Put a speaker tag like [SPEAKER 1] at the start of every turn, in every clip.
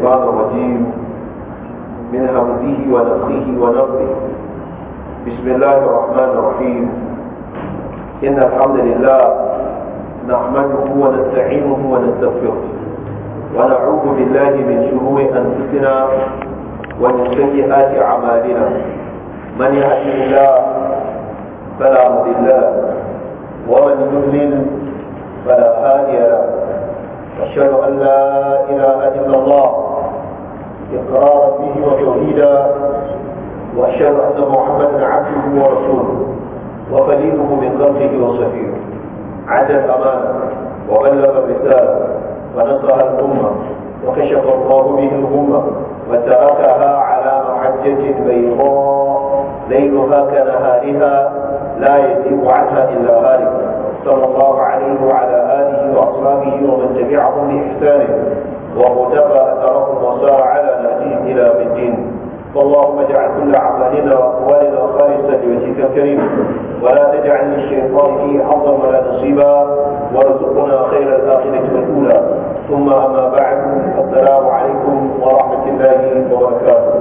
[SPEAKER 1] الشيطان الرجيم من همزه ونفخه ونفخه بسم الله الرحمن الرحيم إن الحمد لله نحمده ونستعينه ونستغفره ونعوذ بالله من شرور أنفسنا ومن سيئات أعمالنا من يهده الله فلا مضل له ومن يضلل فلا هادي له أشهد أن لا إله إلا الله إقرارا به وتوحيدا وأشهد أن محمدا عبده ورسوله وخليله من خلقه وصفيه عدا الأمانة وبلغ الرسالة ونصر الأمة وكشف الله به الأمة وتركها على محجة بيضاء ليلها كنهارها لا يزيغ عنها إلا هالك صلى الله عليه وعلى آله وأصحابه ومن تبعهم بإحسانه وقتفى أثرهم وسار على نهجهم إلى بالدين اللهم اجعل كل عملنا وأقوالنا خالصا لوجهك الكريم ولا تجعل للشيطان فيه حظا ولا نصيبا وارزقنا خير الآخرة والأولى ثم أما بعد السلام عليكم ورحمة الله وبركاته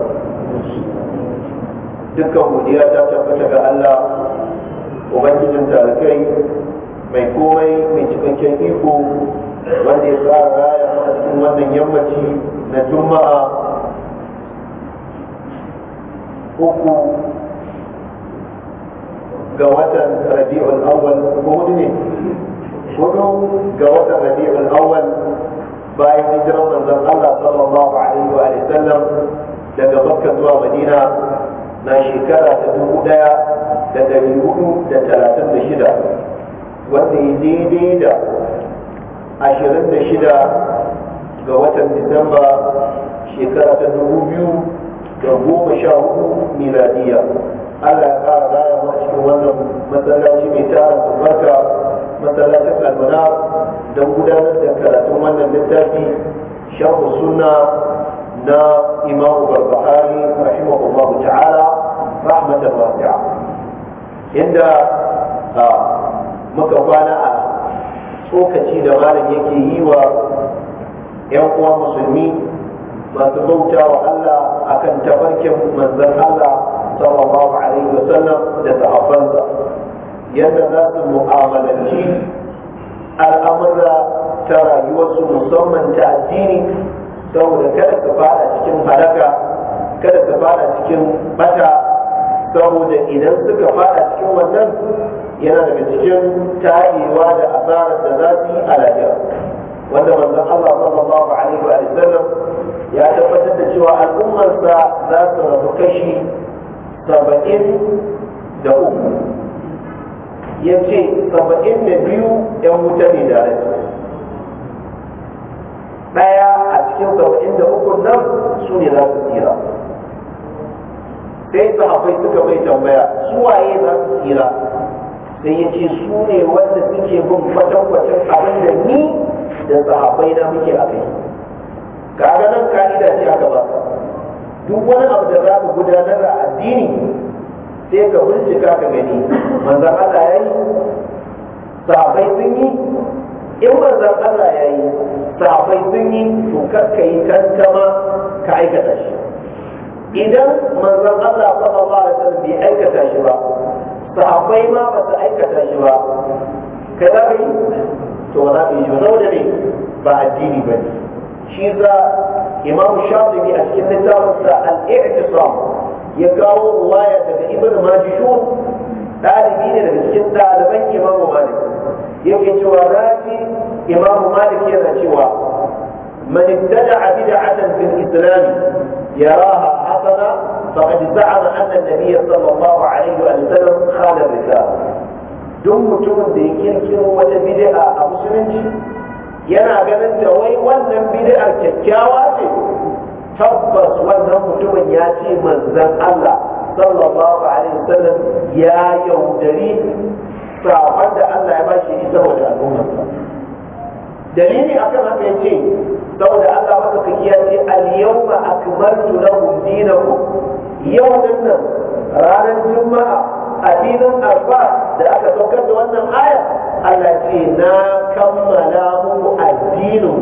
[SPEAKER 1] dukkan godiya ta tabbata ga Allah ubangijin talakai mai komai mai cikakken iko wanda ya tsara raya a cikin wannan yammaci na juma'a uku ga watan rabi'ul awwal ko hudu ne hudu ga watan rabi'ul awwal bayan hijirar manzon Allah sallallahu alaihi wa sallam daga Makka zuwa Madina na shekara ta dubu daya da dari hudu da talatin da shida wanda ya daidai da ashirin da shida ga watan disamba shekara ta dubu biyu da goma sha hudu miladiya allah ya kara raya mu cikin wannan masallaci mai tarin tabbata matsalacin almana don gudanar da karatun wannan littafi shahu sunna na imamu barbahari rahimahullahu ta'ala rahmatan wasi'a inda ah, muka kwana a tsokaci da malam yake yi wa 'yan uwa musulmi masu bauta wa Allah a kan tafarkin manzan Allah sallallahu alaihi wasallam da sahabbansa yadda za su mu'amalanci al'amura ta rayuwarsu musamman ta addini saboda kada su fara cikin halaka kada su fara cikin bata saboda idan suka fada cikin wannan yana daga cikin tarewa da asarar da za su yi a lahira wanda manzon Allah sallallahu alaihi wa sallam ya tabbatar da cewa al'ummarsa za su rabu kashi saba'in da uku ya ce saba'in da biyu yan wuta ne da rai ɗaya a cikin saba'in da uku nan su ne za su tsira sai sahabbai suka mai tambaya su waye za su tsira sai ya ce su ne wanda suke bin kwatankwacin abin da ni da sahabbai na muke a kai kaga nan ka'ida ce a gaba duk wani abu da za ka gudanar a addini sai ka bincika ka gani manzan Allah ya yi sahabbai sun yi in manzan Allah ya yi sahabbai sun yi to kakka yi kankama ka aikata shi idan manzon Allah sallallahu alaihi wasallam bai aikata shi ba sahabbai ma ba su aikata shi ba ka za ka yi to ba za ka yi shi ba saboda ne ba addini ba ne shi za imam shafi'i a cikin littafinsa al-i'tisam ya kawo ruwaya daga ibn majishun ɗalibi ne daga cikin ɗaliban imamu malik yake cewa rafi imamu malik yana cewa man ibtada bid'atan fil islam yaraha هذا فقد زعم أن النبي صلى الله عليه وسلم خان duk mutumin da ya kirkiro wata bid'a a musulunci yana ganin da wai wannan bid'ar kyakkyawa ce tabbas wannan mutumin ya ce manzon Allah sallallahu alaihi wasallam ya yaudari sabon da Allah ya bashi isa wa al'ummarsa dalili akan haka saboda Allah madaukaki ya ce al-yawma akmaltu lahum dinakum yau nan ranar juma'a a filin arba da aka saukar da wannan aya Allah ce na kammala muku addinin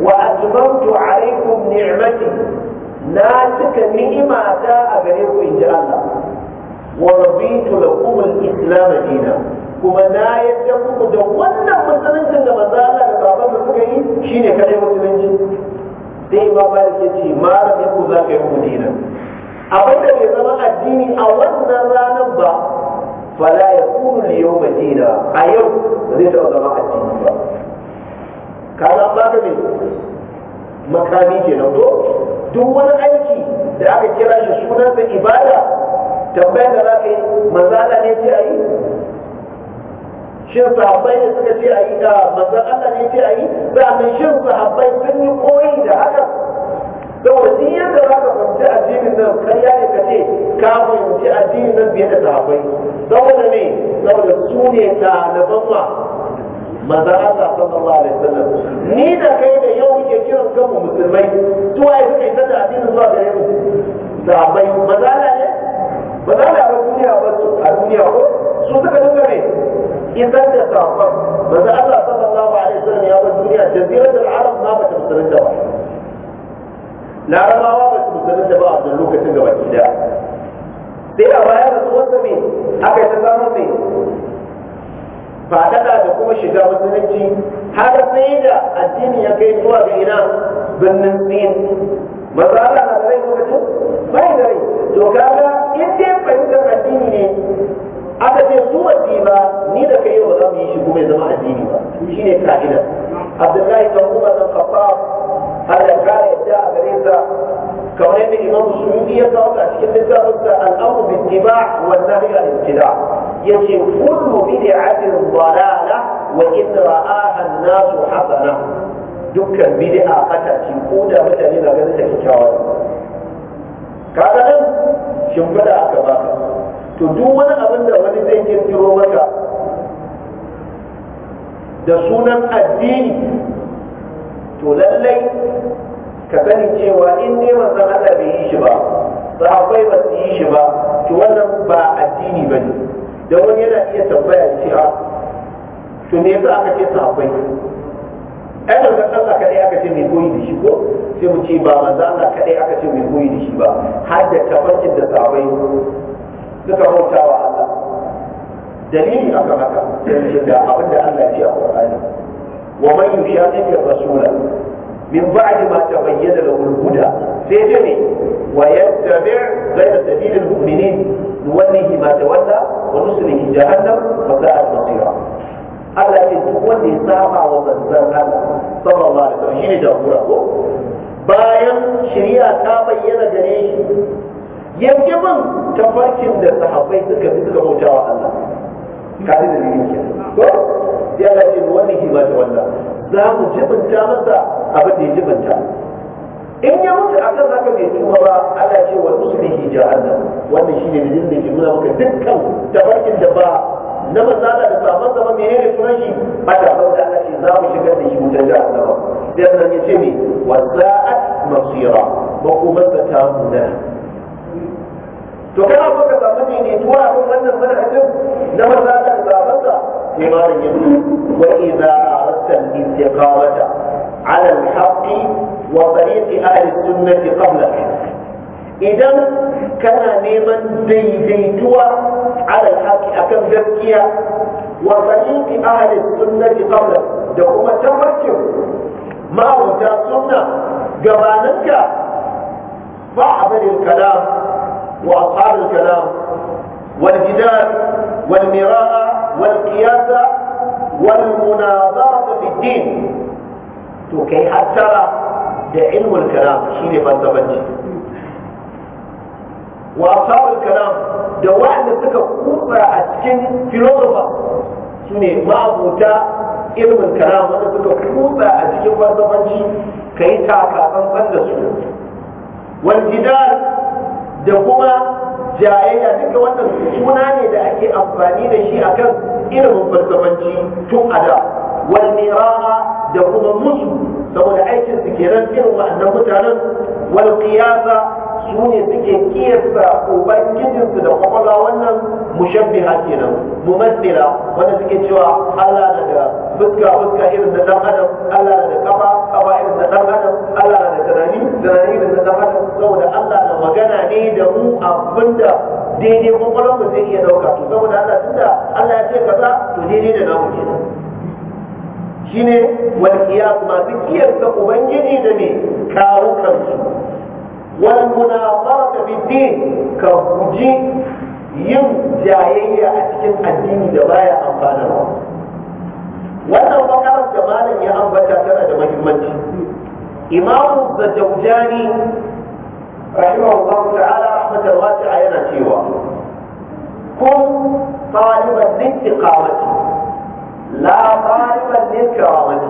[SPEAKER 1] wa atmamtu alaikum ni'mati na cika ni'imata a gare ku in ji Allah wa rabitu lakum al-islam dinan kuma na yadda muku da wannan musuluncin da manzo Allah da baban shi shine kare musulunci sai ma ba yake ce malam ya ku za ka yi madina abin da bai zama addini a wannan ranar ba fala ya kunu li yau a yau zai taɓa zama addini ba kana ba ka ne makami nan to duk wani aiki da aka kira shi sunansa ibada tambayar da za ka yi manzala ne ce a yi shin sahabbai ne suka ce a yi da manzan Allah ne ce a yi sannan shin sahabbai sun yi koyi da haka saboda duk yadda za ka fahimci addinin nan karya ne ka ce ka fahimci addinin nan biye da sahabbai saboda ne saboda su ne ɗaliban ma manzan Allah sallallahu alaihi wasallam ni da kai da yau muke kiran kanmu musulmai su waye suka yi da addinin zuwa gare mu sahabbai manzan Allah ne ba za a duniya ba su a duniya ko su suka dinga ne isar da saƙon manzo Allah sallallahu alaihi wasallam ya bar duniya jaziratul arab ma bata musulunta ba larabawa ba su musulunta ba a wannan lokacin gaba ki daya sai a baya da tsohonsa me aka yi ta samun me faɗaɗa da kuma shiga musulunci har sai da addini ya kai zuwa ga ina birnin tsin maza Allah na da rai lokacin bai da rai to kaga in dai fahimtar addini ne aka ce su ba ni da kai ba za mu yi shi kuma ya zama addini ba shi ne ka'ida abdullahi dan umar dan har da ya yarda a gare kamar yadda imam suyuti ya kawo a cikin littafin sa al'amru bi ittiba wa nahy an ibtida yace kullu bid'atin dalalah wa in ra'aha an-nas hasana dukkan bid'a fata ko da mutane na ganin ta kyakkyawa kaga nan shimfida aka baka to duk wani abin da wani zai kirkiro maka da sunan addini to lallai ka sani cewa in ne manzon Allah bai yi shi ba akwai ba su yi shi ba to wannan ba addini ba ne da wani yana iya tambaya ce a ah, to ne yasa aka ce sahabbai ai manzon Allah kadai aka ce mai koyi da shi ko sai mu ce ba manzon Allah kadai aka ce mai koyi da shi ba har da tabbacin da sahabbai suka bauta wa Allah dalili a kan haka sai da abin da Allah ya ce a Qur'ani wa man yushaqiqi rasula min ba'd ma tabayyana lahu al-huda sai da ne wa yattabi' ghayra sabili al-mu'minin nuwallihi ma tawalla wa nuslihi jahannam wa sa'at masira Allah ya duk wanda ya saba wa manzon Allah sallallahu alaihi wasallam shine jagora ko bayan shari'a ta bayyana gare shi yanke bin tafarkin da sahabbai suka fi suka bauta wa Allah kare da dalilin ke ko ya Allah ce wannan hima ta wanda za mu jibinta masa abin da ya jibinta in ya mutu a kan haka bai tuba ba Allah ce wa usbihi jahannam wannan shine dalilin da ke nuna maka dukkan tafarkin da ba na mazala da sabon zama menene sunan shi da bauta Allah ce za mu shigar da shi wutar jahannama dan nan ya ce ne wa za'at masira kuma ta munana to kana so ka samu daidaituwa a kan wannan manhajin na maza da zamansa sai malam ya ce wa idza aradta al-istiqamata ala al-haqq wa tariq ahli sunnah qabla idan kana neman daidaituwa ala al-haqq akan gaskiya wa tariq ahli sunnah qabla da kuma tafarkin ma'auta sunna gabaninka بعض الكلام واصحاب الكلام
[SPEAKER 2] والجدال
[SPEAKER 1] والمراء والقياده والمناظره في الدين وكي حتى علم الكلام شيء فلسفه واصحاب الكلام دوائر تكون اسكن فيلوسوفرز سوني معبوتا علم الكلام وانا كنت اقول بقى اسكن فلسفه كي تعكا انفندسوا والجدال da kuma jayayya duka wannan suna ne da ake amfani da shi akan ilimin falsafanci tun a da wal mira'a da kuma musu saboda aikin su kenan irin wa'annan mutanen wal qiyasa su ne suke kiyasta ubangijinsu da kwakwalwa wannan mushabbiha kenan mumassila wanda suke cewa Allah daga fuska fuska irin na dan adam Allah na da kafa kafa irin na dan adam Allah na da tunani tunani irin na dan adam saboda Allah na magana ne da mu abinda daidai kwakwalwar mu zai iya dauka to saboda Allah tunda Allah ya ce kaza to daidai da namu kenan shine wal qiyas masu kiyasta ubangiji da ne kawo kansu wal munazarata bid din ka guji yin jayayya a cikin addini da baya amfanarwa wannan bakarar da malam ya ambata tana da muhimmanci imamu zajaujani rahimahullahu ta'ala rahmatar wasi'a yana cewa kun taliban lintiqamati la taliban lintiqamati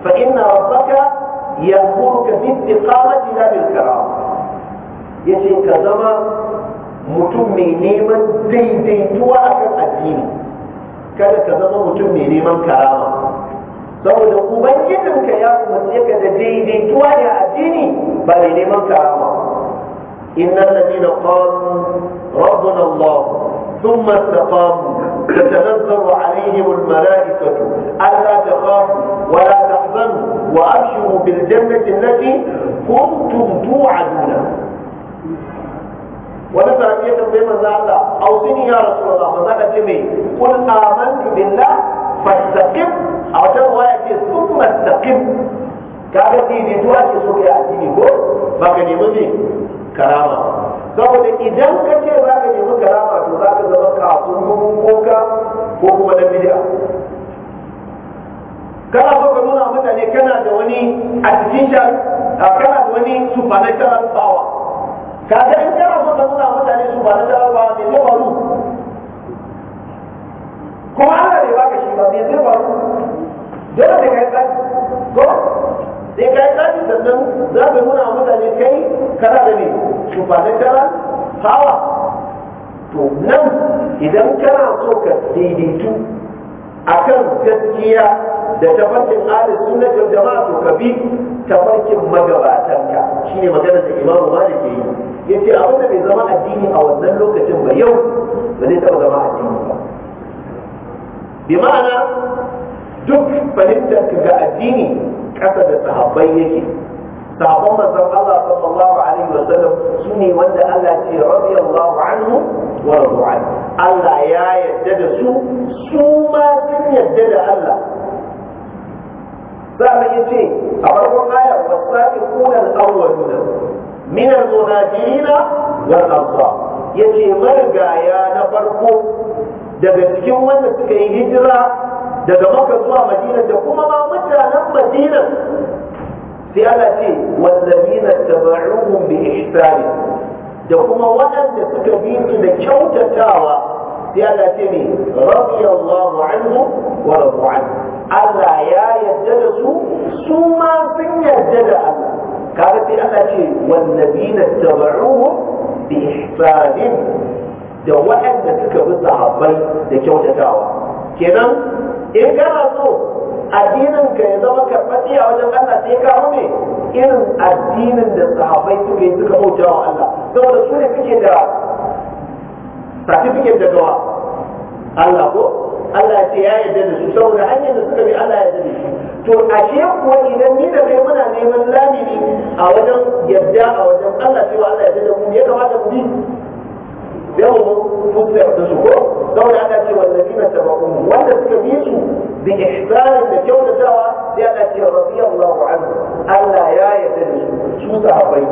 [SPEAKER 1] fa inna rabbaka ya'muruka bi istiqamati la bil karam yace ka zama mutum mai neman daidaituwa akan addini kada ka zama mutum mai neman karama saboda ubangijinka ya umarce ka da daidaituwa ne a addini ba da neman karama إن الذين قالوا ربنا الله ثم استقاموا تتنزل عليهم الملائكة ألا تخافوا ولا تحزنوا وأبشروا بالجنة التي كنتم توعدون wani sarki ya tambaye manzo Allah ausini ya rasulullah manzo Allah ce mai kul amantu billah fastaqim a wata riwaya ce summa istaqim kaga dini duwa ce so kai addini ko ba ka nemi ne karama saboda idan ka ce za ka nemi karama to za ka zama kafin koka ko kuma na bid'a kana so ka nuna mutane kana da wani artificial kana da wani supernatural power kaga in kana so ka nuna mutane su ba na dawa ba mai zai kuma ana bai baka shi ba mai zai faru dole sai yi tsari ko sai yi tsari sannan za ka nuna mutane kai kana da ne su ba na kara hawa to nan idan kana so ka daidaitu akan gaskiya da tafarkin ahlus sunna jama'a to ka bi tafarkin magabatanka shine magana da imamu malik yi ya ce abin da bai zama addini a wannan lokacin ba yau ba zai taɓa zama addini ba bi ma'ana duk fahimtar ka ga addini ƙasa da sahabbai yake sahabban manzon Allah sallallahu alaihi wa sallam su ne wanda Allah ce radiyallahu anhu wa radu Allah ya yadda da su su ma sun yadda da Allah za mu yi ce a farkon ayar wasu sa'i kunan awwaluna min al-muhajirin wal ansar yace marigaya na farko daga cikin wanda suka yi hijira daga maka zuwa madina da kuma ma mutanen madina sai ana ce wallazina tabauhum bi ihsani da kuma waɗanda suka bi su da kyautatawa sai ana ce Allah ya yarda da su su ma sun yarda da Allah kaga sai Allah ce wannabina tabaruhum bi ihsanin da waɗanda suka bi sahabbai da kyautatawa kenan in kana so addinin ka ya zama karɓaɗe a wajen Allah sai ka rume irin addinin da sahabbai suka yi suka bauta wa Allah saboda su ne suke da certificate da gawa Allah ko Allah ce ya yarda da su saboda hanyar da suka bi Allah ya yarda da shi to ashe kuwa idan ni da kai muna neman lamini a wajen yarda a wajen Allah cewa Allah ya yarda da mu ya kamata mu bi yau mun tsayar da su ko saboda Allah ce wallazina tabaun wanda suka bi su bi ihsan da kyautatawa sai Allah ce radiyallahu anhu Allah ya yarda da su su sahabbai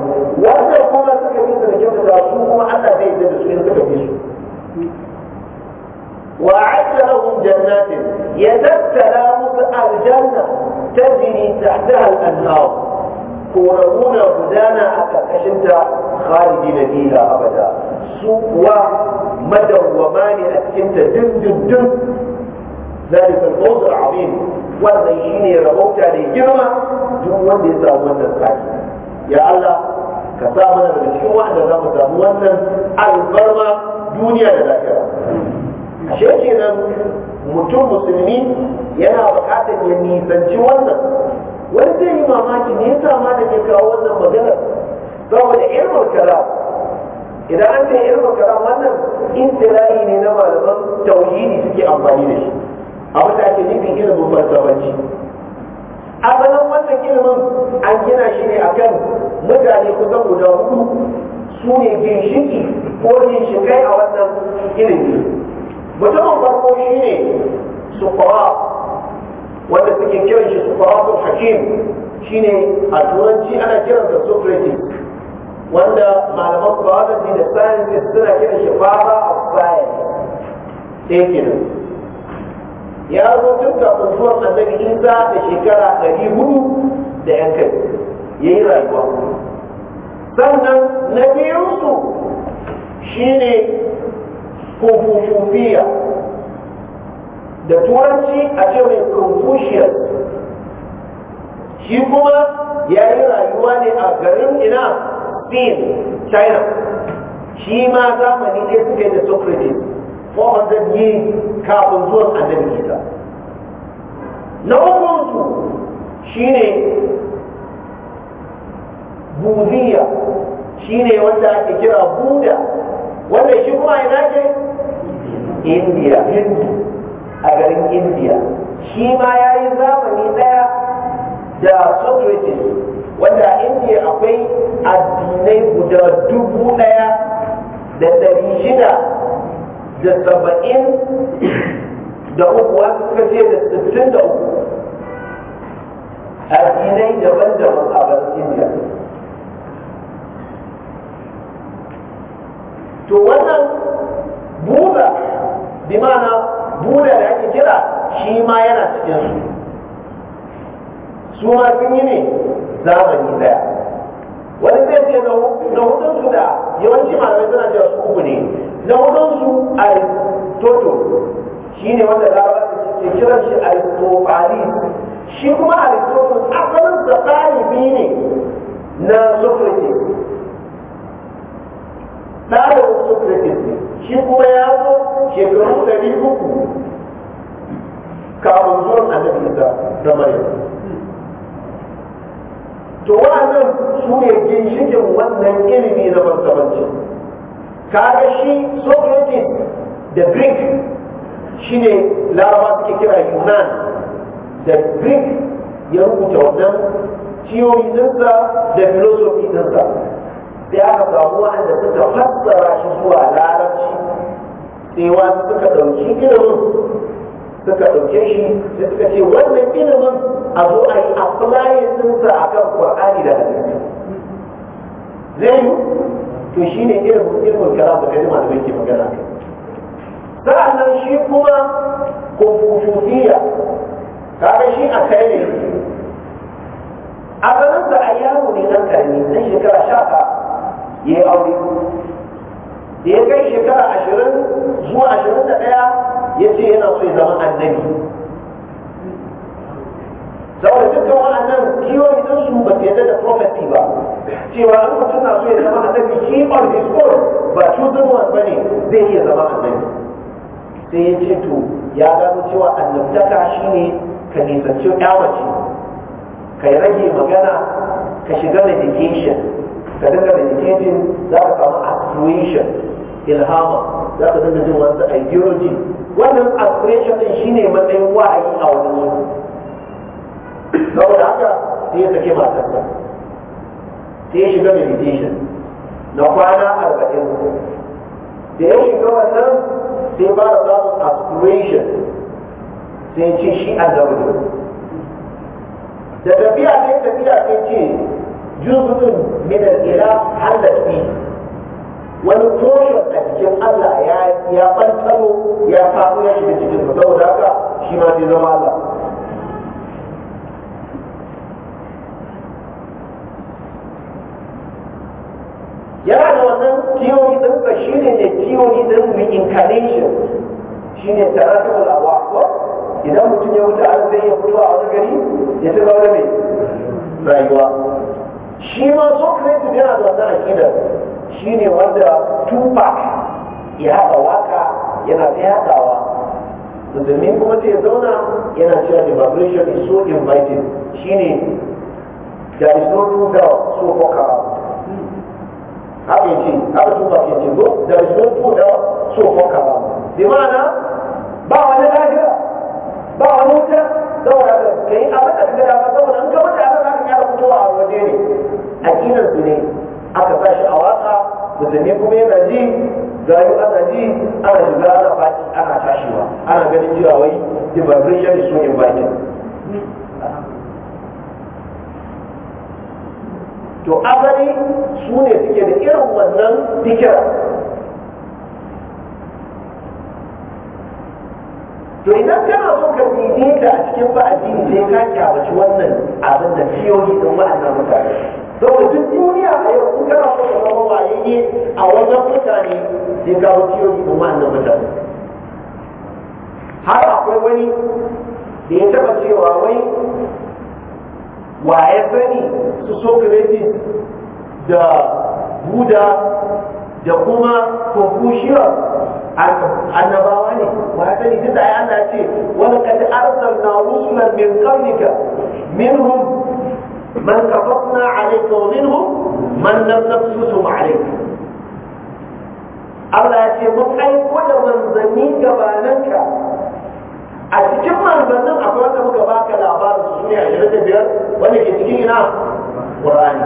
[SPEAKER 1] wanda kuma suka bi su da kyautatawa su kuma Allah zai yarda da su in suka bi su واعد لهم جنات يدك تلامس الجنه تجري تحتها الانهار كورونا هدانا حتى كشنت خالدين فيها ابدا سوء مدى ومانع كنت دن دن دن ذلك الفوز العظيم والذين يربوك عليه جرما جوان يسامون الزكاة يا الله كسامنا من الشوء أن نمت أبوانا الفرمة دنيا لذاكرة shi kenan mutum musulmi yana bukatar ya nisanci wannan wani zai yi mamaki ne yasa ma da ke kawo wannan maganar saboda ilmul kalam idan an ce ilmul kalam wannan in tsirai ne na malaman tauhidi suke amfani da shi abin da ake nufin ilimin A asalin wannan ilimin an gina shi ne akan mutane kusa guda hudu su ne ginshiki ko ginshikai a wannan ilimin mutumin farko shi ne sukara wanda suke kiran shi sukara hakim shi ne a turanci ana kiransa socrates wanda malaman biology da sciences suna kiran shi father of science sai kenan ya zo tun kafin zuwan annabi isa da shekara ɗari hudu da yan kai ya yi rayuwa sannan na biyunsu shi ne kufufufiya da turanci a ce mai confucius shi kuma ya yi rayuwa ne a garin ina Sin china shi ma zamani ne suke da socrates 400 years kafin zuwan annabi isa na ukunsu shi ne budiya shi ne wanda ake kira buda wannan shi kuma ina ce indiya a garin indiya shi ma ya yi zamani daya da socrates wanda a indiya akwai addinai guda dubu daya da dari shida da saba'in da uku wasu suka ce da sittin da uku addinai daban-daban a garin indiya to wannan buga bi buda da ake kira shi ma yana cikin su su ma sun yi ne zamani daya wani zai ce na hudunsu da yawanci malamai suna cewa su uku ne na hudunsu aristotle shi ne wanda larabar ke kiran shi aristophanes shi kuma aristotle asalin da ɗalibi ne na socrates tsarin sokrates ne shi kuma ya zo shekaru ɗari uku kafin zuwan annabi isa da maryam to wa'annan su ne ginshikin wannan ilimi na fansamanci kaga shi sokrates da greek shi ne laraba suke kira yunan da greek ya rubuta wannan ciyoyi ɗinsa da filosofi ɗinsa sai aka samu waɗanda suka fassara shi zuwa larabci sai wasu suka ɗauki ilimin suka ɗauke shi sai suka ce wannan ilimin a zo a yi aflayin ɗinsa a kan ƙwar'ani da hadisi zai yi to shi ne ilimin ilimin kalam da kalima da muke magana kai sa'annan shi kuma kofofofiya kaga shi a kai ne asalinsa a yaro ne nan karni na shekara sha ya yi aure da ya kai shekara ashirin zuwa ashirin da ɗaya ya ce yana so ya zama annabi saboda dukkan wa'annan kiwon idan su ba ta yadda da prophecy ba cewa an mutum na so ya zama annabi shi on his own ba chosen one ba ne zai iya zama annabi sai ya ce to ya gano cewa annabtaka shi ne ka nisanci ƴa ka rage magana ka shiga meditation ka dinga meditating za ka samu aspiration ilhama za ka dinga jin wasu ideology wannan aspiration din shine matsayin wa'ayi a wajen su saboda haka sai ya sake matarsa sai ya shiga meditation na kwana arba'in da ya shiga wannan sai fara samun aspiration sai ce shi annabi ne da tafiya sai tafiya sai ce juz'un min al-ilah hallat fi wani toshe a cikin Allah ya ya bantaro ya faɗo ya shiga cikin sa saboda haka shi ma zai zama Allah yana da wannan theory din ka shine ne theory din reincarnation shine tarakul awaqwa idan mutum ya wuce an zai ya fito a wani gari ya ci gaba da mai rayuwa shi ma socrates yana da wannan akida shi ne wanda tupac ya haɗa waka yana ta yaɗawa musulmi kuma sai ya zauna yana cewa vibration is so inviting shi ne there is no two so fuck around haka ce haka tupac ke ce go there is no two girl so fuck bi ma'ana ba wani lahira ba wani wuta saboda ka yi abin da ka gada ba saboda in ka wuce abin da ka kyara fitowa a waje ne aƙidar su ne aka sa shi a waka musulmi kuma yana ji gayu ana ji ana shiga ana faɗi ana tashiwa ana ganin cewa wai dibarin yadda su in bakin to asali su ne suke da irin wannan fikira to idan kana so ka dide ta a cikin ba'addini sai ka kyawaci wannan abin da fiyoyi don wa'annan mutane saboda duk duniya a yau kun kana so ka zama wayayye a wajen mutane sai ka wuce yau kuma wannan mutane har akwai wani da ya taba cewa wai waye sani su Socrates da Buda da kuma Confucius annabawa ne waye sani duk da ya ce wani kadi arsalna rusulan min qablika minhum من قصصنا عليك ومنهم من لم نقصصهم عليك Allah ya ce mun aiko da manzanni gabaninka a cikin manzannin akwai wanda muka baka labarin su ne ashirin da biyar wanda ke cikin ina ƙur'ani.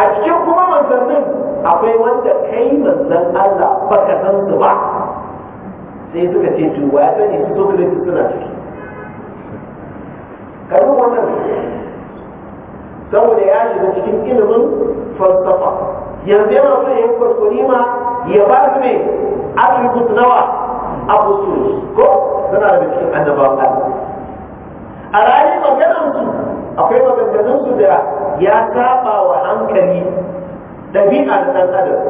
[SPEAKER 1] a cikin kuma manzannin akwai wanda kai manzan Allah baka san su ba sai suka ce to wa ya sani su zo suna ciki karu wannan saboda ya shiga cikin ilimin falsafa yanzu yana so ya yi ma ya ba su ne attribute nawa abu su ko suna da cikin annabawa a ranar maganar su akwai maganganun su da ya saba wa hankali ɗabi'a da ɗan adam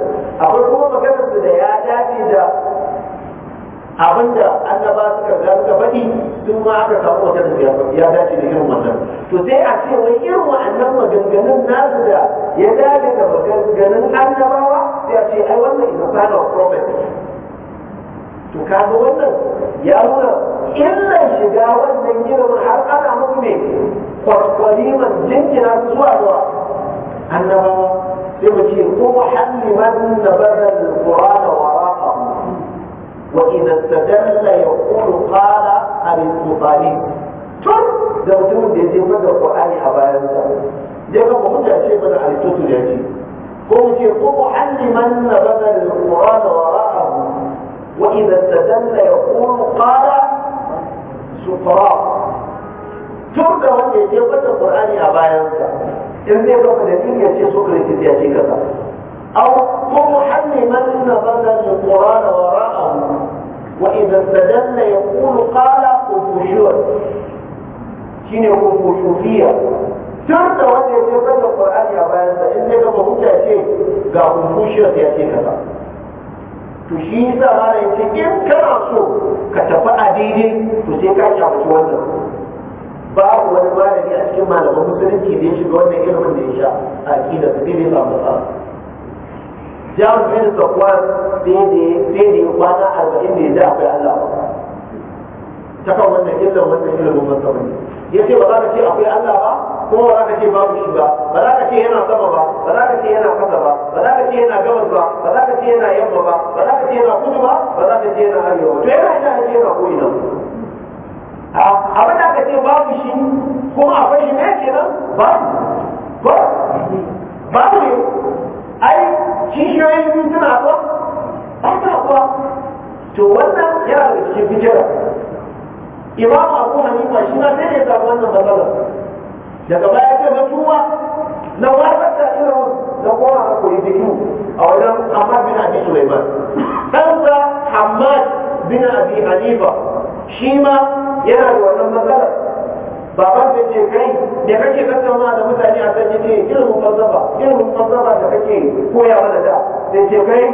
[SPEAKER 1] akwai kuma maganar su da ya dace da abinda annaba suka ga suka faɗi sun ma aka samu wata da ya dace da irin wannan to sai a ce wai irin wa'annan maganganun nasu da ya dace da maganganun annabawa sai a ce ai wannan is a sign of prophet to kaga wannan ya nuna illan shiga wannan ilimin har ana muku ne kwaskwaliman jinjina zuwa zuwa annabawa sai mu ce ko muhalliman nabarar qur'ana wa وإذا استدل يقول قال عن المطالب تر لو تم بيجي مدى القرآن أبايان سا جيبا مهجا شيبا عن التوتر يجي قم شيقوم علما نبدا للقرآن وراءه وإذا استدل يقول قال سفراء تر لو تم بيجي مدى القرآن أبايان سا إن دي بقى نتيجة شي سكرة تتياتي كذا أو مرحل من بدل القرآن وراءه وإذا استدل يقول قال قفشور كين يقول قفشوفية شرط وانا يجب أن القرآن يا بانسا إنك مهوشة شيء قال قفشور سياتي كبا تشيسا على يتكين كرسو كتفا أديدي تسيكا شعبتوانا باب والمال يأتكين مال ومسلم كيدين شبوانا إلو من ديشا أكيدة تبيني صامتها jawo bin safwan sai da ya kwana arba'in da ya ji akwai Allah ba, ta kan wannan illan wannan ilimin masaba ne ya ce ba za ka ce akwai Allah ba kuma ba za ka ce babu shi ba ba za ka ce yana sama ba ba za ka ce yana kasa ba ba za ka ce yana gabas ba ba za ka ce yana yamma ba ba za ka ce yana kudu ba ba za ka ce yana arewa to yana ina ka ce yana ko'ina abin da aka ce babu shi kuma akwai shi ne kenan babu ba babu ne Kishiyoyi biyu suna haɗuwa ba ta to wannan yana da cikin fikira imam abu hanifa shi ma sai ya samu wannan matsalar daga baya ce na tuba na watsar da na kowa na koyi biyu a wajen Ahmad bin Abi Sulaiman ɗansa Hamad bin Abi Hanifa shi ma yana da wannan matsalar baban da ce kai da kake tattauna da mutane a kan yake ilimin falsafa ilimin falsafa da kake koya mana da sai ce kai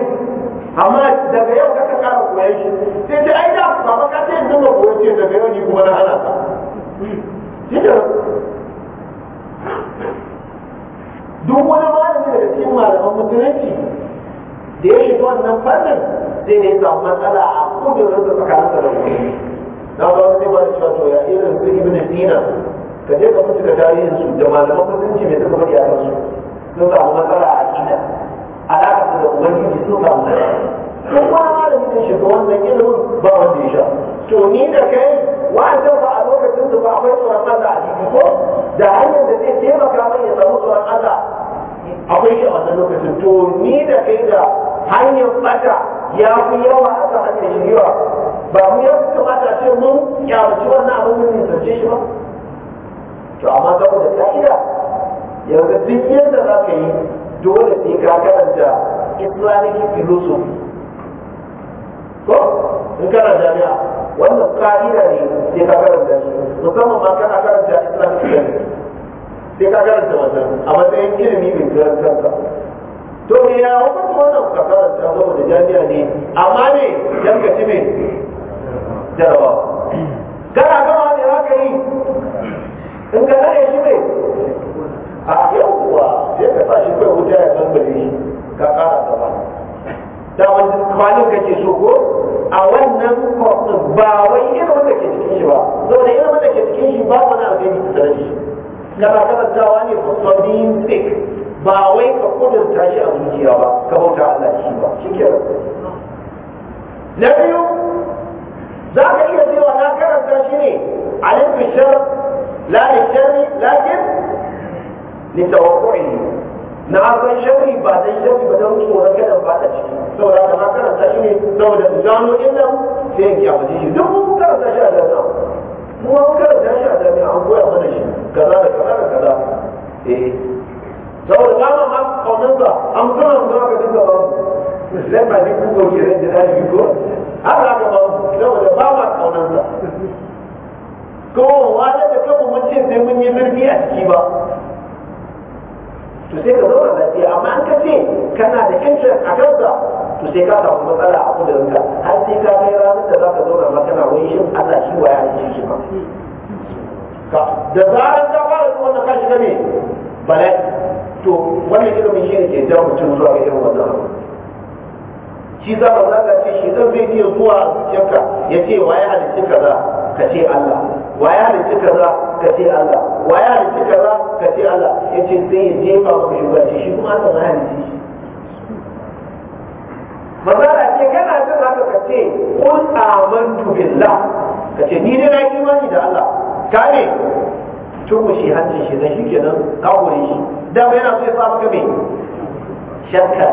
[SPEAKER 1] amma daga yau ta kara koyan shi sai ce ai da baba ka ce dinga koyon ce daga yau ni kuma na hana ka duk wani malami daga cikin malaman musulunci da ya shiga wannan fannin sai ne ya samu matsala a kudurin da tsakaninsa da wani na ba wani ba cewa to ya irin su ibn sina ka je ka mutuka tarihin su da malaman musulunci mai suka faɗi a kansu sun samu matsala a aqida alaƙa su da ubangiji sun samu matsala kuma malamin da shiga wannan ilimin ba wanda ya sha to ni da kai wa'azin ba a lokacin su ba akwai tsoron Allah a jiki ko da hanyar da zai taimaka mai ya samu tsoron Allah akwai shi a wannan lokacin to ni da kai da hanyar fata ya fi yawa a kan hanyar shiriwa ba mu ya kamata ce mun kyamaci wannan abin mun nisance shi ba to amma saboda ka'ida yanzu duk yadda za ka yi dole sai ka karanta islamic philosophy ko in kana jami'a wannan ka'ida ne sai ka karanta shi musamman ma kana karanta islamic studies sai ka karanta wannan a matsayin ilimi mai zuwan kanka to me ya wata wannan ka karanta saboda jami'a ne amma ne yanka ci mai jarabawa kana gama ne za ka yi in ka tsare shi ne a yau yawwa sai ka sa shi kai wuta ya bambare shi ka kara gaba da wani kwanin kake so ko a wannan kwafin ba wai irin wanda ke cikin shi ba wani irin wanda ke cikin shi ba wani alheri da tare shi kana karantawa ne for being sick ba wai ka kudurta shi a zuciya ba ka bauta Allah shi ba shi ke na biyu za ka iya cewa na karanta shi ne alif bishar la shari lakin ne? na san shari ba dan shari ba dan tsoron kada ba ta ciki saboda ka na karanta shi ne saboda gano illan sai ya kiyaye shi duk mun karanta shi a jami'a kuma mun karanta shi a jami'a an koya mana shi kaza da kaza da kaza eh saboda ba ma kaunansa an kuma mun ka dinga ba mu sai ba ni ku ko ke da dalibi ko saboda ba ma kaunansa kowa wata da kafa mun ce sai mun yi zurfi a ciki ba to sai ka zauna lafiya amma an ka ce kana da interest a kansa to sai ka samu matsala a kudurinka har sai ka kai ranar da za ka zauna ma kana wani shin Allah shi waya a halice shi ba da zarar ta fara zuwa wannan kashi na me balai to wannan ilimin shi ne ke jan mutum zuwa ga irin wannan abu shi za mu zaka ce shi zan bai iya zuwa zuciyarka ya ce wa ya halitta kaza ka ce Allah wa ya halitta kaza ka ce Allah wa ya halitta kaza ka ce Allah ya ce sai ya jefa maka shugabanci shi kuma ta ya shi manzara ce kana jin haka ka ce kun amantu billah ka ce ni dai na yi imani da Allah ka ne tun shi hancin shi zai shi kenan kawo kore shi dama yana so ya sa maka me shakka ne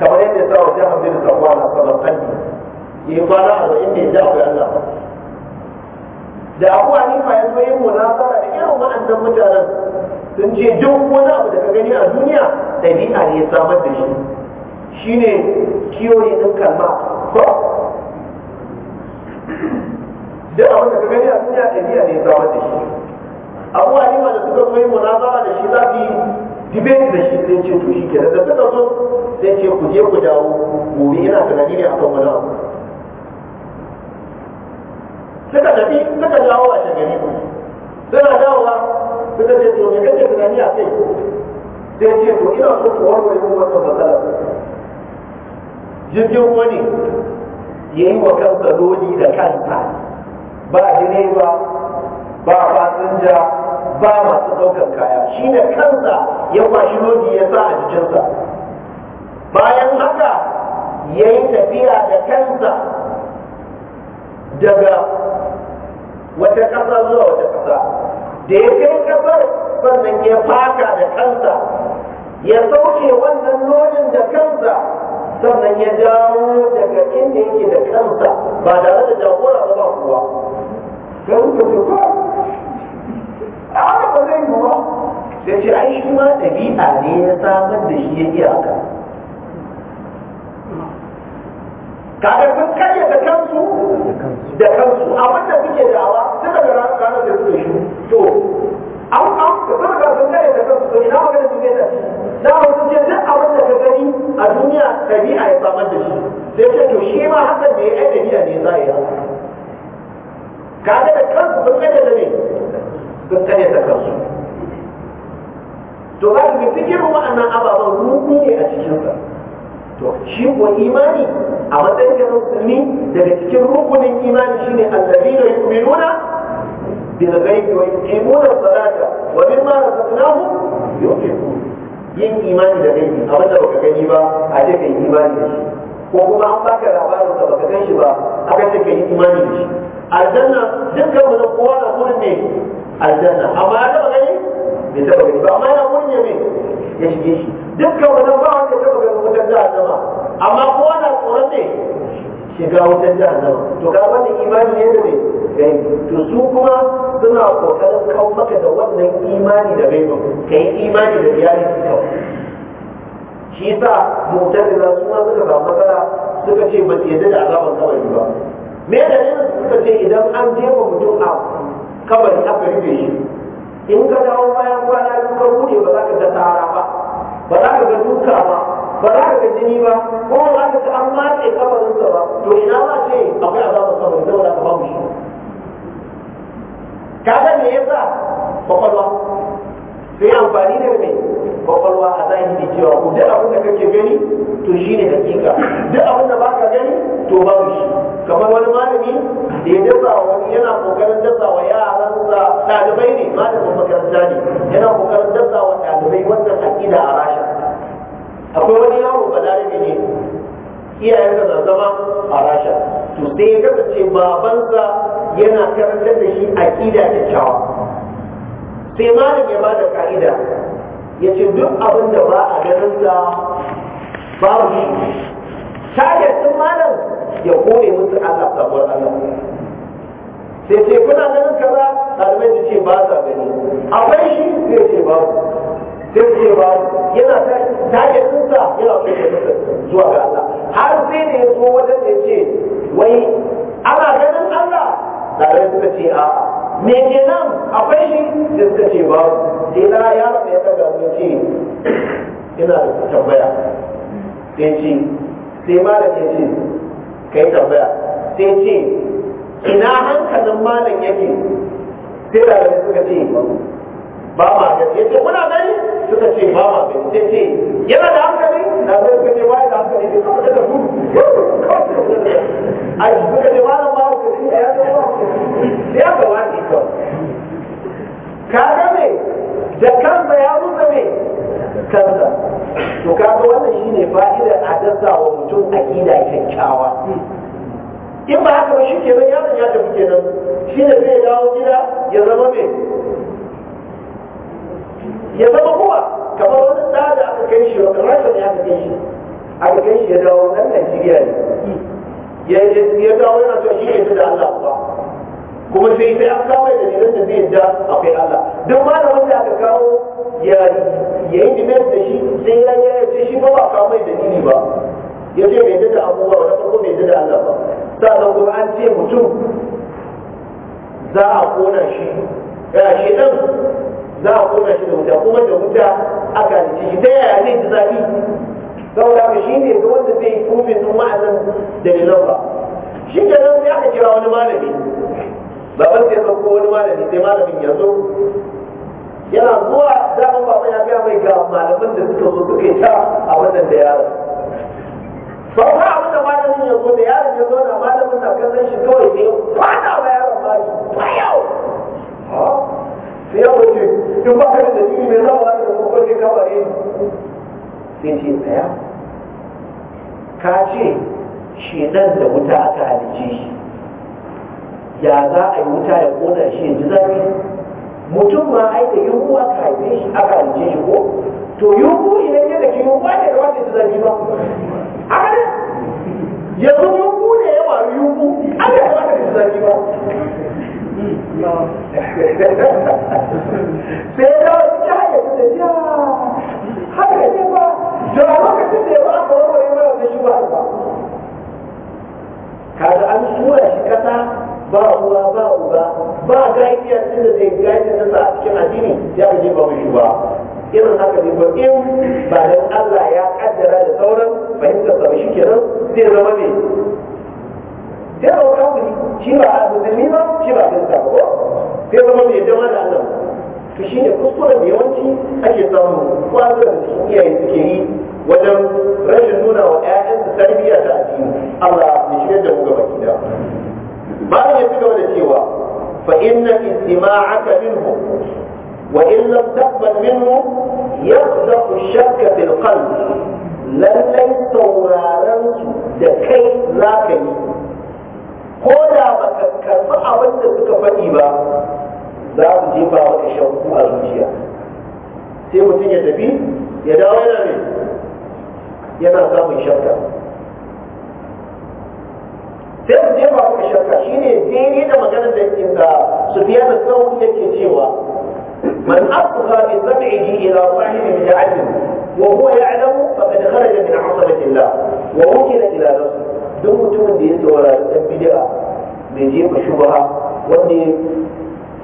[SPEAKER 1] kamar yadda ya sa wa jihar bin sabuwa na sabakan ne ya yi kwana arba'in da ya ji abu Allah ba da abu hanifa ya zo yin munazara da irin waɗannan mutanen sun ce duk wani abu da ka gani a duniya ɗabi'a ne ya samar da shi shine kiyoyi ɗin kalma ko duk abin da ka gani a duniya ɗabi'a ne ya samar da shi abu hanifa da suka zo yin munazara da shi za su yi dibet da shi sai ce to shi kenan da suka zo sai ce ku je ku dawo gobe ina tunani ne akan wani abu suka tafi suka dawo a shagari suna dawowa suka ce to me kake tunani a kai sai ce to ina so ku warware mun wannan matsalar jirgin wani ya yi wa kansa lodi da kansa ba direba ba fasinja ba masu ɗaukar kaya shi ne kansa ya kwashi lodi ya sa a jikinsa bayan haka ya yi tafiya da kansa daga wata ƙasa zuwa wata ƙasa da ya kai ƙasar sannan ya faka da kansa ya sauke wannan lodin da kansa sannan ya dawo daga inda yake da kansa ba tare da jagora ba kuwa. a haka ba zai yi ba da ce ai shi ma ɗabi'a ne ya samar da shi ya iya haka kaga sun karya da kansu da kansu a wanda suke dawa tun daga ranar ranar da suke shi to an an da sun ga sun karya da kansu to ina magana su zai tashi na wasu ce duk abin da ka gani a duniya ɗabi'a ya samar da shi sai ce to shi ma hakan da ya ai ɗabi'a ne za a yi haka kaga da kansu sun karya da ne sun ya ta kansu to za ka fikirin wa'annan ababen ruɗu ne a cikinsa to shi ko imani a matsayin ka musulmi daga cikin rukunin imani shine allazina yu'minuna bil ghaibi wa yuqimuna as-salata wa mimma razaqnahum yunfiqun yin imani da gaibi abin da baka gani ba a ce kai imani da shi ko kuma an baka labarin da baka gan shi ba aka ce kai imani da shi aljanna dukkan mu kowa na gurin ne aljanna amma ya taba gani bai taba gani ba amma yana gurin ya me ya shige shi dukkan mu ba wanda ya taba gani wutar jahannama amma kowa na tsoron ne shiga wutar jahannama to ga wannan imani ne da me gani to su kuma suna kokarin kawo maka da wannan imani da gaiba kai imani da iyali kawai shi yasa za su ma suka samu matsala suka ce ba su yadda da azaban kawai ba me da ne suka ce idan an jefa mutum a kabari aka rufe shi in ka dawo bayan kwana biyu ka bude ba za ka ga tara ba ba za ka ga duka ba ba za ka ga jini ba ko ba za ka an matse kabarinsa ba to ina ma ce akwai azabar kabari saboda ka babu shi kaga me yasa kwakwalwa sai amfani da mai kwakwalwa a zahiri cewa ku duk abin da kake gani to shine hakika duk abin da baka gani to babu shi kamar wani malami da ya dasa wani yana kokarin dasa wa yaransa ɗalibai ne malamin makaranta ne yana kokarin dasa wa ɗalibai wannan aƙida a rasha akwai wani yawon balarabe ne iyayen da zama a rasha to sai ya kasance babansa yana karantar da shi aƙida kyakkyawa sai malam ya bada ka'ida ya ce duk abin da ba a ganin sa babu shi target din malam ya kore musu Allah sabuwar Allah sai ce kuna ganin kaza ɗalibai su ce ba sa gani akwai shi sai ce ba sai ce ba yana target sa yana kusa musu zuwa ga Allah har sai da ya zo wajen da ya ce wai ana ganin Allah ɗalibai suka ce a'a me kenan akwai shi da suka ce ba sai na yaro da ya daga wani ce ina da tambaya sai ce sai malam ya ce ka yi tambaya sai ce ina hankalin malam yake sai da ɗalibai suka ce ba ma gani ya ce kuna gani suka ce ba ma gani sai ce yana da hankali ɗalibai suka ce ba da hankali sai kuma daga gudu a yi suka ce malam ba ku ce ya ga ba ya ga wani kawai ka ga me da kansa ya rusa me kansa to kaga wannan shine fa'idar a dasa wa mutum aqida kyakkyawa in ba haka ba shi kenan yaron ya tafi kenan shi ne zai dawo gida ya zama me ya zama kuma kamar wani tsada aka kai shi wata rashin ya kai shi aka kai shi ya dawo nan Najeriya ne ya dawo yana so shi ne da Allah ba kuma sai sai an kawo da dalilan da zai ja akwai Allah duk malamin da aka kawo ya yi dibet da shi sai ya yi ya shi ba ba kawo mai dalili ba ya ce bai da abubuwa wanda farko bai da Allah ba sannan kuma an ce mutum za a kona shi ya shi dan za a kona shi da wuta kuma da wuta aka halice shi ta yaya zai ji zafi saboda ka shi ne ga wanda zai yi kumin sun ma'azin dalilan ba shi nan sai aka kira wani malami baban ya ɗauko wani malami sai malamin ya zo yana zuwa daman baban ya gaya mai ga malaman da suka zo suka yi ta a wannan da yaron sau ba abin da malamin ya zo da yaron ya zo na malamin na kallon shi kawai sai kwana wa yaron ba shi bayau sai ya wuce in ba ka da dalili mai zama wani da kuma sai ka bare sai ce tsaya ka ce shi nan da wuta aka halice shi ya za a yi wuta ya kona shi ya ji zafi mutum ma ai da yunwa ka haife shi aka shi ko to yunwa idan ya daki yunwa ne da wata ji zafi ba haka ne yanzu yunwa ne ya waru yunwa an da wata ji zafi ba sai ya dawo cikin hanyar da ya haka ne ba da lokacin da ya ba ka warware mara da shi ba ka ga an tura shi kasa ba uwa ba uba ba gajiya tun da zai gajiya na sa a cikin addini ya fi jefa mai ba irin haka ne ba in ba dan Allah ya kaddara da sauran fahimtar sa shi kenan zai zama ne zai zama kafiri shi ba a musulmi ba shi ba kirista ba zai zama mai jama da Allah to shi ne kuskuren da yawanci ake samu kwazuran da cikin iyaye suke yi wajen rashin nuna wa 'ya'yansu tarbiyya ta addini Allah ya shirya da mu gaba gida bayan ya ci gaba da cewa fa inna istima'aka minhu wa in lam taqbal minhu yaqdaqu shakka fil qalb lallai sauraron su da kai za ka yi ko da ba ka karɓi abin da suka faɗi ba za su jefa maka shakku a zuciya sai mutum ya tafi ya dawo yana ne yana samun shakka sai mu je ba ku shakka shine daidai da maganar da yake da Sufyan al-Thawri yake cewa man asgha bi sam'ihi ila sahibi bid'atin wa huwa ya'lamu faqad kharaja min 'asabati Allah wa wukila ila nafsi duk mutumin da ya saurari dan bid'a bai je ba shubha wanda ya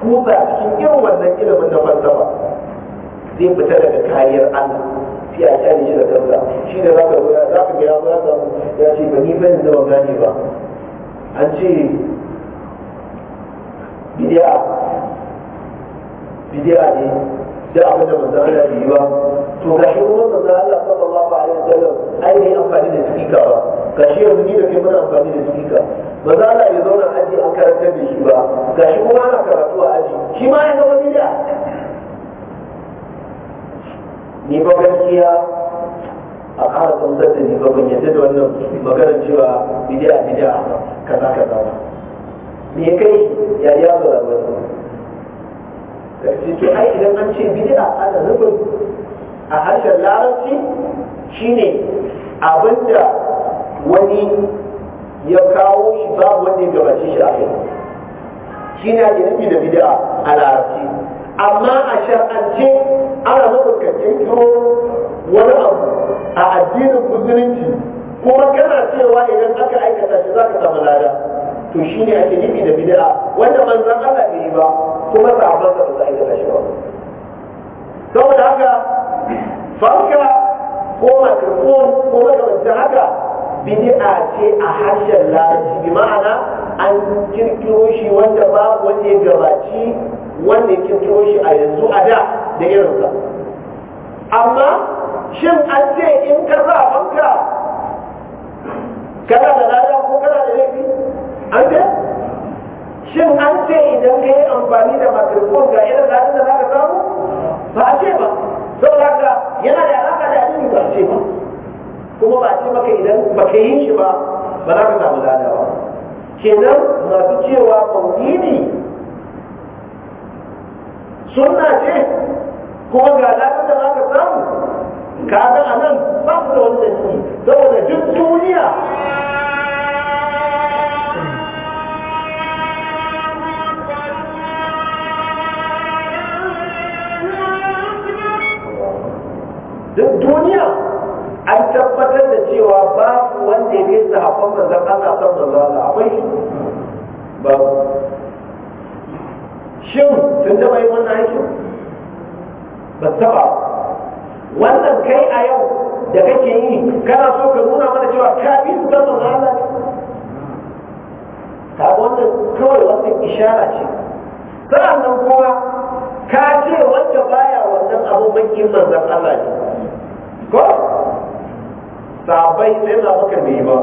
[SPEAKER 1] kusa cikin irin wannan ilimin na falsafa zai fita daga kariyar Allah sai a kyale shi da kansa shi da zaka zo ya zaka ga ya zo ya samu ya ce ba ni ban da gane ba an ce bidiya bidiya ne da abin da manzan Allah bai yi ba to ga shi kuma manzan Allah sallallahu alaihi wasallam ai ne amfani da sifika ba ga shi yanzu ni da kai muna amfani da sifika ba za a ya zauna aji an karanta da shi ba ga shi kuma ana karatu a aji shi ma ya zama bidiya ni ba gaskiya a kara gamsar da ni ba ban yadda da wannan maganar cewa bidiya bidiya ba kaza kaza ba me ya kai ya ya zo da wani sai to ai idan an ce bid'a ana nufin a harshen larabci shine abinda wani ya kawo shi babu wanda ya gabace shi a kai shi ne ake nufi da bid'a a larabci amma a shar'ance ana nufin ka kirkiro wani abu a addinin musulunci kuma kana cewa idan aka aikata shi za ka samu lada to shi ne ake nufi da bid'a wanda manzon Allah bai yi ba kuma sahabban sa ba su aikata shi ba saboda haka farka ko makrifon ko makamancin haka bid'a ce a harshen laji bi ma'ana an kirkiro shi wanda babu wanda ya gabaci wanda ya kirkiro shi a yanzu a da da irinsa amma shin an ce in ka a banka kana da lada ko kana da laifi an ce shin an ce idan ka yi amfani da microphone ga irin ladan da za ka samu ba a ce ba saboda haka yana da alaka da addini ba a ce ba kuma ba a ce maka idan ba ka yi shi ba ba za ka samu lada ba kenan masu cewa maulidi sunna ce kuma ga ladan da za ka samu kaga a nan ba su da wani dalili saboda duk duniya duk duniya an tabbatar da cewa ba wanda ya kai sahabban manzon Allah sallallahu alaihi akwai shi ba. shin sun taba yi wannan aikin ba taba wannan kai a yau da kake yi kana so ka nuna mana cewa ka bi su kan manzon Allah ne ka wannan kawai wannan ishara ce sa'annan kuma ka ce wanda baya wannan abun bakin manzon Allah ne ko sabai sai na baka bai ba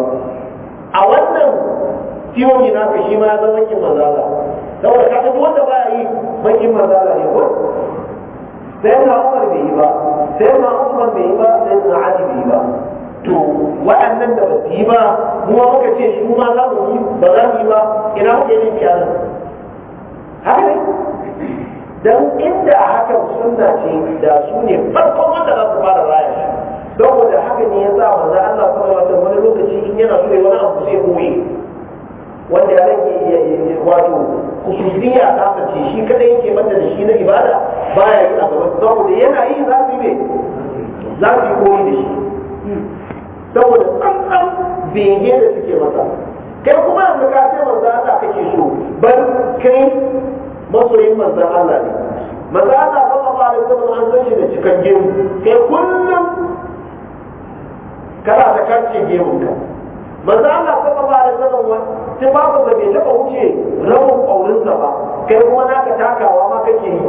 [SPEAKER 1] a wannan tiyoyi naka shi ma zan zama kin mazala saboda ka duk wanda baya yi makin mazala ne ko sai na umar bai yi ba sai na umar bai yi ba sai na ali bai yi ba to waɗannan da ba su yi ba mu ma muka ce shi ma za mu yi ba za mu yi ba ina muke yin kiyaye haka ne dan inda a hakan sunna ce da su ne farkon wanda za su fara raya don wanda haka ne ya sa wanda Allah sallallahu alaihi wani lokaci in yana so ya wani abu sai koyi wanda ya rage wato kususiya ta sace shi kadai yake mata da shi na ibada baya yi a gaban saboda yana yi za su yi za su yi koyi da shi saboda tsantsan bege da suke masa kai kuma yanzu ka ce manzo Allah kake so bal kai masoyin manzo Allah ne manzo Allah sallallahu alaihi wasallam an san shi da cikakken kai kullum kana da karce gemun ka manzo Allah sallallahu alaihi wasallam sai babu da bai taba wuce rabin sa ba kai kuma naka takawa ma kake yi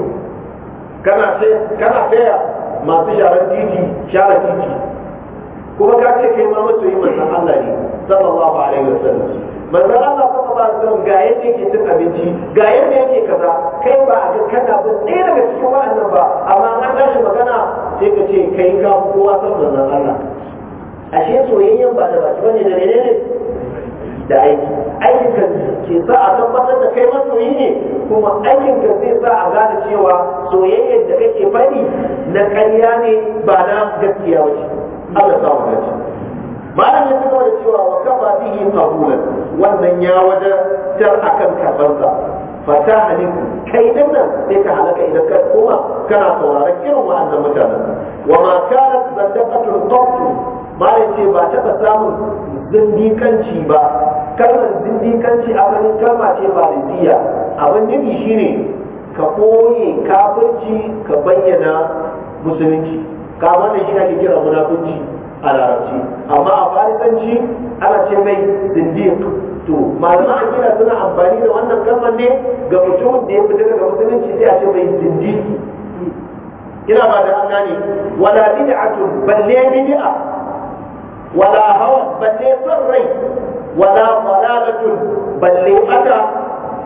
[SPEAKER 1] kana sai kana saya masu sharar titi share titi kuma ka ce kai ma masoyi manzo Allah ne sallallahu alaihi wasallam manzo Allah sallallahu alaihi wasallam ga yadda yake cin abinci ga yadda yake kaza kai ba a ga kana ba ɗaya daga cikin wa'annan ba amma an tashi magana sai ka ce kai ka kowa sallallahu alaihi wasallam ashe soyayyen ba da baki bane da menene da aiki aikin ka ke sa a tabbatar da kai masoyi ne kuma aikin ka zai sa a gane cewa soyayyar da kake fari na ƙarya ne ba na gaskiya ba ce Allah sa mu dace malam ya cigaba da cewa wa kafa bihi qabulan wannan ya wadatar akan karbansa fata haliku kai din nan sai ka halaka idan ka koma kana sauraron irin wa'annan mutanen wa ma kanat zadaqatul qatl ba ce ba taɓa samun zindikanci ba kalmar zindikanci a wani kalma ce farisiya abin nufi shine ka koye kafirci ka bayyana musulunci ka wannan shi ake kira munafunci a larabci amma a farisanci ana ce mai zindik to malaman akida suna amfani da wannan kalmar ne ga mutumin da ya fita daga musulunci sai a ce mai zindik ina ba da an gane wala bid'atun balle bid'a ولا هوى بل لي صري ولا ضلالة بل لي أتى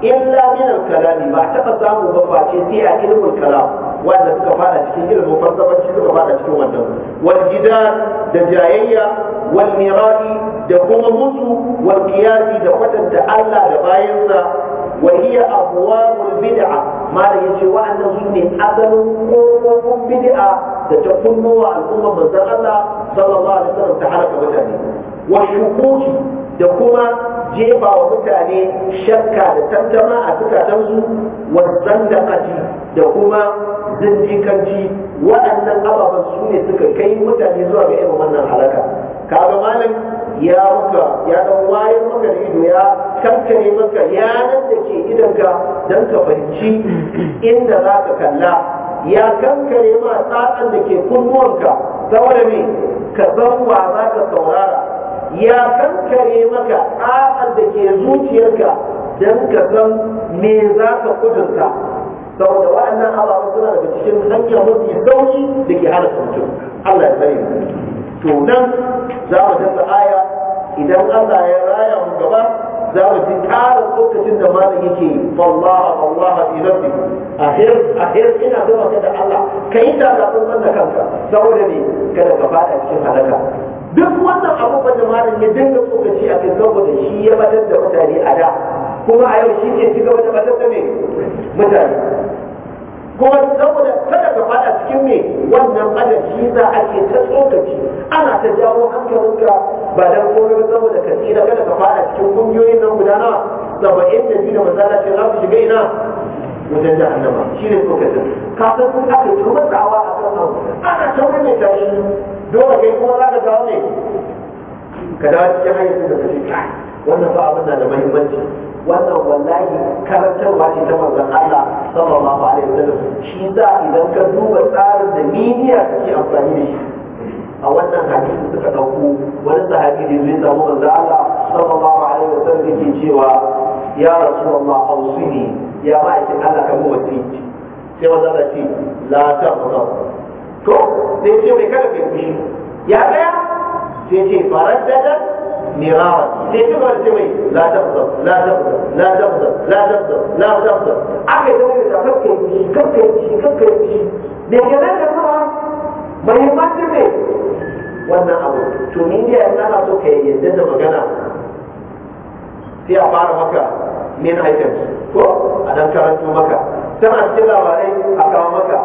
[SPEAKER 1] إلا من الكلام ما اعتقد سامو بفاتي فيها علم الكلام وأن تكفانا تكين علم فلسفة تكفانا تكين وندم والجدال دجاية والميراث دقوم مسو والقياس دقوة تألى دبايزا وهي أبواب البدعة ما يجي وأن سني أبل قوم بدعة تتكلم عن أمة من صلى الله عليه وسلم تحرك متاني والشكوك da kuma jefa wa mutane shakka da tantama a zukatansu wasan da kaci da kuma zindikanci wa su ne suka kai mutane zuwa ga irin wannan halaka kaga malam ya muka ya dan wayar maka da ido ya kankare maka yanar da ke idonka don ka fahimci inda za ka kalla ya kankare ma tsatsan da ke kunnuwanka saboda me ka zan wa za ka saurara ya kankare maka tsatsan da ke zuciyarka don ka san me za ka kudurta saboda waɗannan ababen suna daga cikin hanyar mafi sauki da ke hana mutum Allah ya tsare to nan za mu dasa aya idan Allah ya raya mu gaba za mu ji ƙarin lokacin da malam yake wallaha wallaha fi nafsi ahir ahir ina zuwa ka da Allah kai ta ga kun da kanka saboda ne kada ka fada cikin halaka duk wannan abubuwan da malam ya dinga tsokaci a kai saboda shi ya batar da mutane a da kuma a yau shi ke shiga wata matasa mai mutane kuma saboda kada ka fada cikin me wannan adam shi za a ke ta tsokaci ana ta jawo hankalinka ba dan komai ba saboda ka tsira kada ka fada cikin kungiyoyin nan guda na saba'in da biyu da masala ce za su shiga ina wajen jahannama shi ne tsokacin ka san kun aka turmatsawa a kan abu ana ta wani tashi dole kai kuma za ka dawo ne ka dawo cikin hanyar da ka ce kai wannan ba abin na da mahimmanci. wannan wallahi karantarwa ce ta manzon Allah sallallahu alaihi wasallam shi za idan ka duba tsarin da media ke amfani da shi a wannan hadisi suka dauko wani sahabi da zai samu manzon Allah sallallahu alaihi wasallam yake cewa ya rasulullah ausini ya ba ma'aikin Allah kamar wasiki sai manzon Allah ce la ta'budu to sai ce mai kada kai fushi ya tsaya sai ce farar da مرارا تجمع الجميع لا تغضب لا تغضب لا تغضب لا تغضب لا تغضب عقل دولة تفكر بشي كفر بشي كفر بشي لكن هذا طبعا ما يمكن به wannan abu to ni ne in ana so ka yadda da magana sai a fara maka main items ko a dan karanto maka don a cikin labarai a kawo maka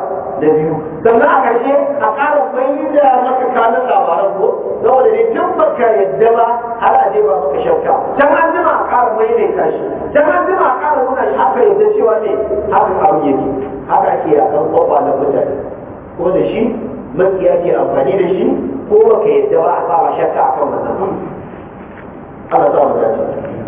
[SPEAKER 1] da biyu sannan a ƙarshe a ƙara bayyana maka kanin labaran ko saboda ne tun baka yadda ba har a je ba maka shauka can an jima a ƙara maimaita shi can an jima a ƙara nuna shi aka yadda cewa ne haka abu yake haka a ke kan kofa na mutane ko da shi makiya ke amfani da shi ko baka yadda ba a sa shakka kan wannan Allah za mu dace